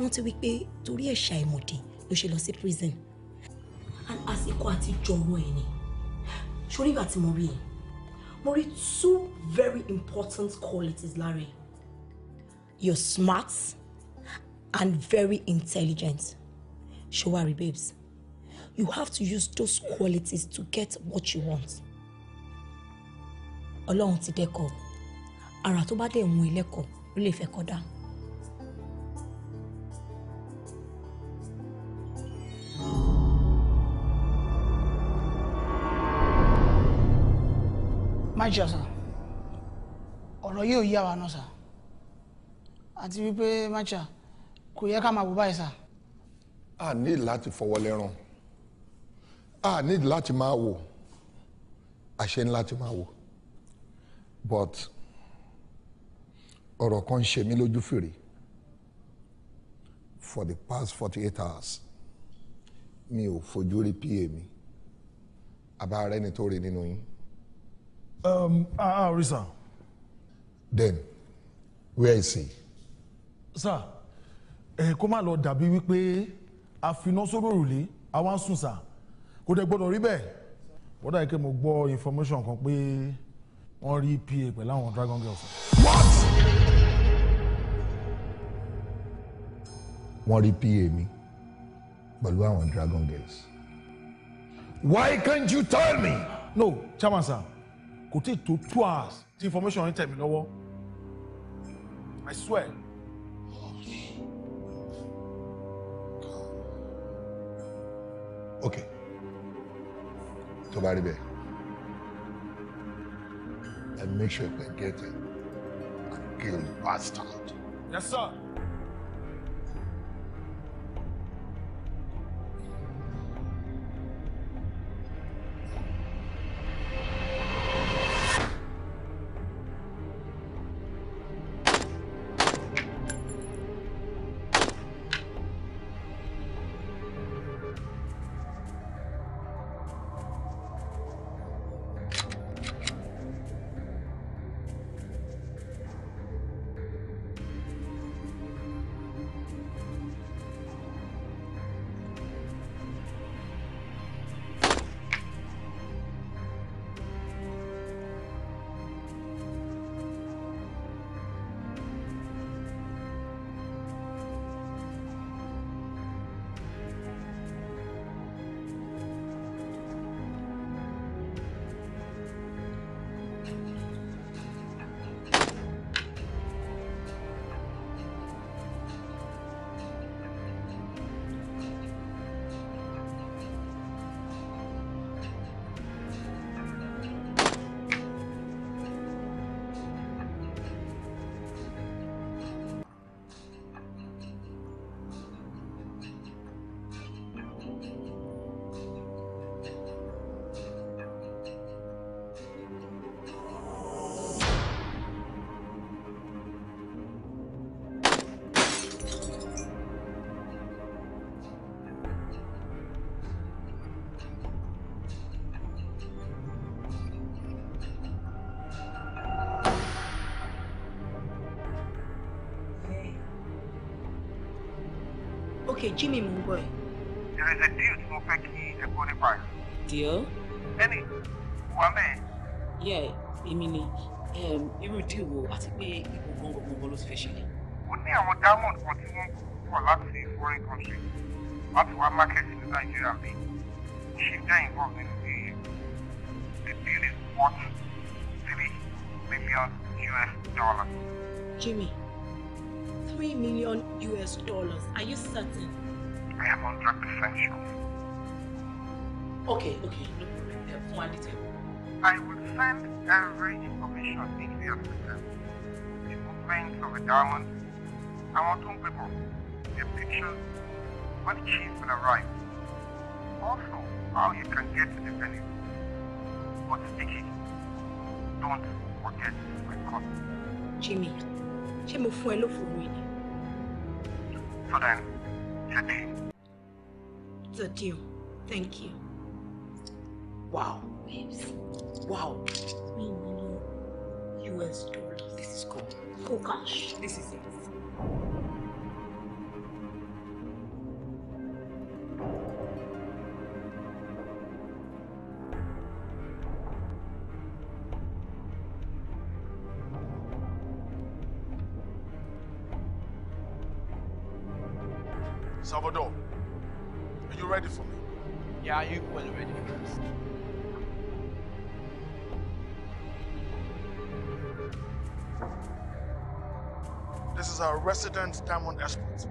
rántí wípé torí ẹ̀ṣà ìmọ̀dé ló ṣe lọ sí prison and àsìkò àti jọ̀wọ́ ẹ̀ ni ṣorí ìgbà tí mo rí ẹ̀ mo rí two very important qualities lára ẹ̀ you're smart and very intelligent. Shawari babes, you have to use those qualities to get what you want. Ọlọ́run ti deko. ara tó bá dẹ̀ mú ilẹ̀kọ̀ ló lè fẹ́ kọ́ dá. májọ sà ọ̀rọ̀ yóò yá wa náà sà àti wípé májọ kò yẹ ká máa wò báyìí sà. a ní láti fọwọ́ lẹ́rùn a ní láti máa wò àṣẹ ní láti máa wò but ọ̀rọ̀ kan ń ṣe mí lójú fèrè for the past forty eight hours mi ò fojú rí pa mi àbá rẹ ni tó rí nínú yín. Um, a rí sà. then where is he. sir ẹ kó má lọ dàbí wípé àfinásóró òrùlé àwa ń kò dẹ̀ gbọ́dọ̀ rí bẹ́ẹ̀ wọ́n dàbí pé mo gbọ́ information kan pé wọ́n rí pa pẹ̀lú àwọn dragon girls. what. wọ́n rí pa mi pẹ̀lú àwọn dragon girls. why can't you tell me. no chairman sir kò tí ì tó two hours tí information yẹn tẹ̀ mí lọ́wọ́ i swear. ok tó bá rí bẹ́ẹ̀ and make sure you get him and kill bastard. yes sir. Okay, Jimmy mo ń there is a deal to mo fẹ́ kí ẹ kó nípa deal. Any? wà mẹ́ẹ̀. yẹ èmi ni irú deal wo àti pé ipò gbọ̀ngàn gbọ̀ngàn ló ti fẹ́ ṣẹlẹ̀. ó ní àwọn diamond kan tí wọ́n pọ̀ in foreign country láti wá market in Nigeria, bí ṣe jẹ́ involved nínú the the deal is worth three million US dollars. Jimmy. 3 million US dollars. Are you certain? I am 100% sure. Okay, okay, Look, detail. I will send every information in the system. The movements of the diamond, want own people, The picture when the chief will arrive. Also, how you can get to the venue. But sticky, don't forget my cost. Jimmy, I'm fún ẹ lófo mi sedang sedih. Sedih. Thank you. Wow. Babes. Wow. It's me, you know, US dollars. This is cool. Oh gosh. This is it. President Diamond Escort.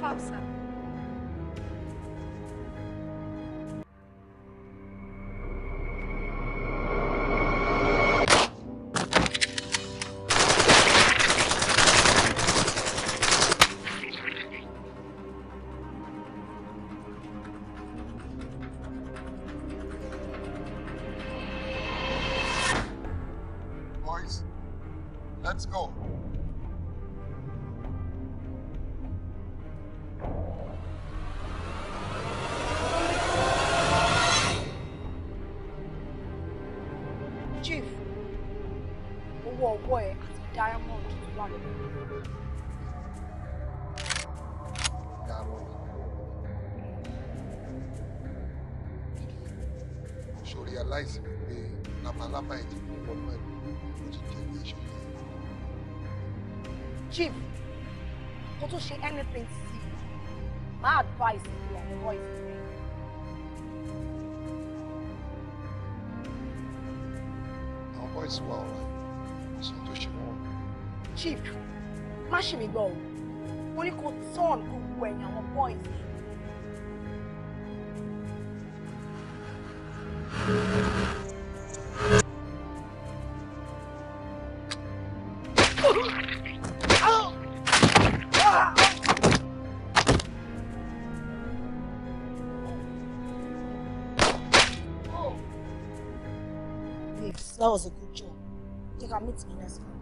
Faustin. realize wípé labalábá ẹ̀ ti kú wọ pẹ̀lú ó ti jẹ́ ní ẹ̀ṣọ́ ní ẹ̀fọ́. chief kó tó ṣe anything to see? my advice is to avoid boys. àwọn boys wà ọ̀rọ̀ ọ̀sán tó ṣe wọ́n. chief má ṣe mi gbọ́ o mo ní kó tọ́ọ̀nù gbogbo ẹ̀yìn àwọn boys That was a good job. You can meet me next time.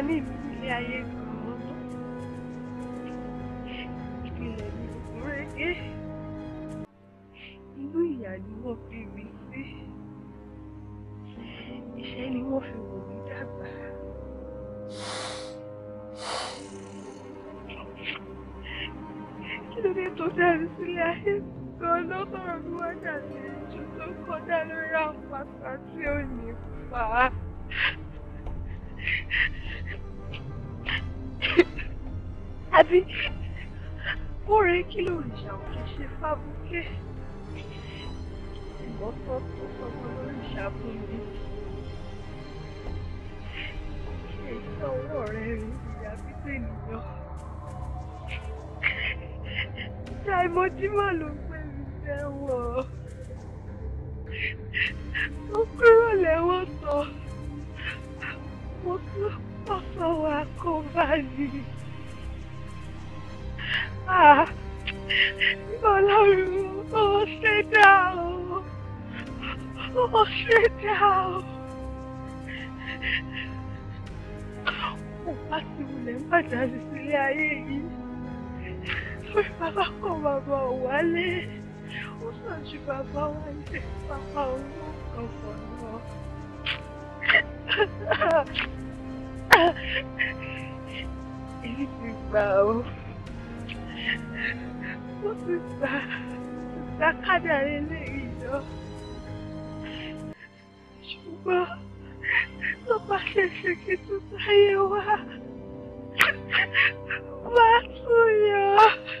I need àkọ́kọ́ tó kọ́kọ́ ló pé mi tẹ́wọ̀ mo kúrò lẹ́wọ̀n tán mo tún ọ̀sán wa kó bá mi. Ah, Ọlọ́run, ó ṣẹ̀dá o. Oh, shit, how? Mo bá ti wulẹ̀ má dájú sílé ayé yìí. Lórí bàbá kan bàbá ò wálé. Ó sàn ju bàbá wálé. Bàbá òun kan pọ̀ lọ. Èyí Wah, lepaskan sakit saya, Wah. Bantu ya.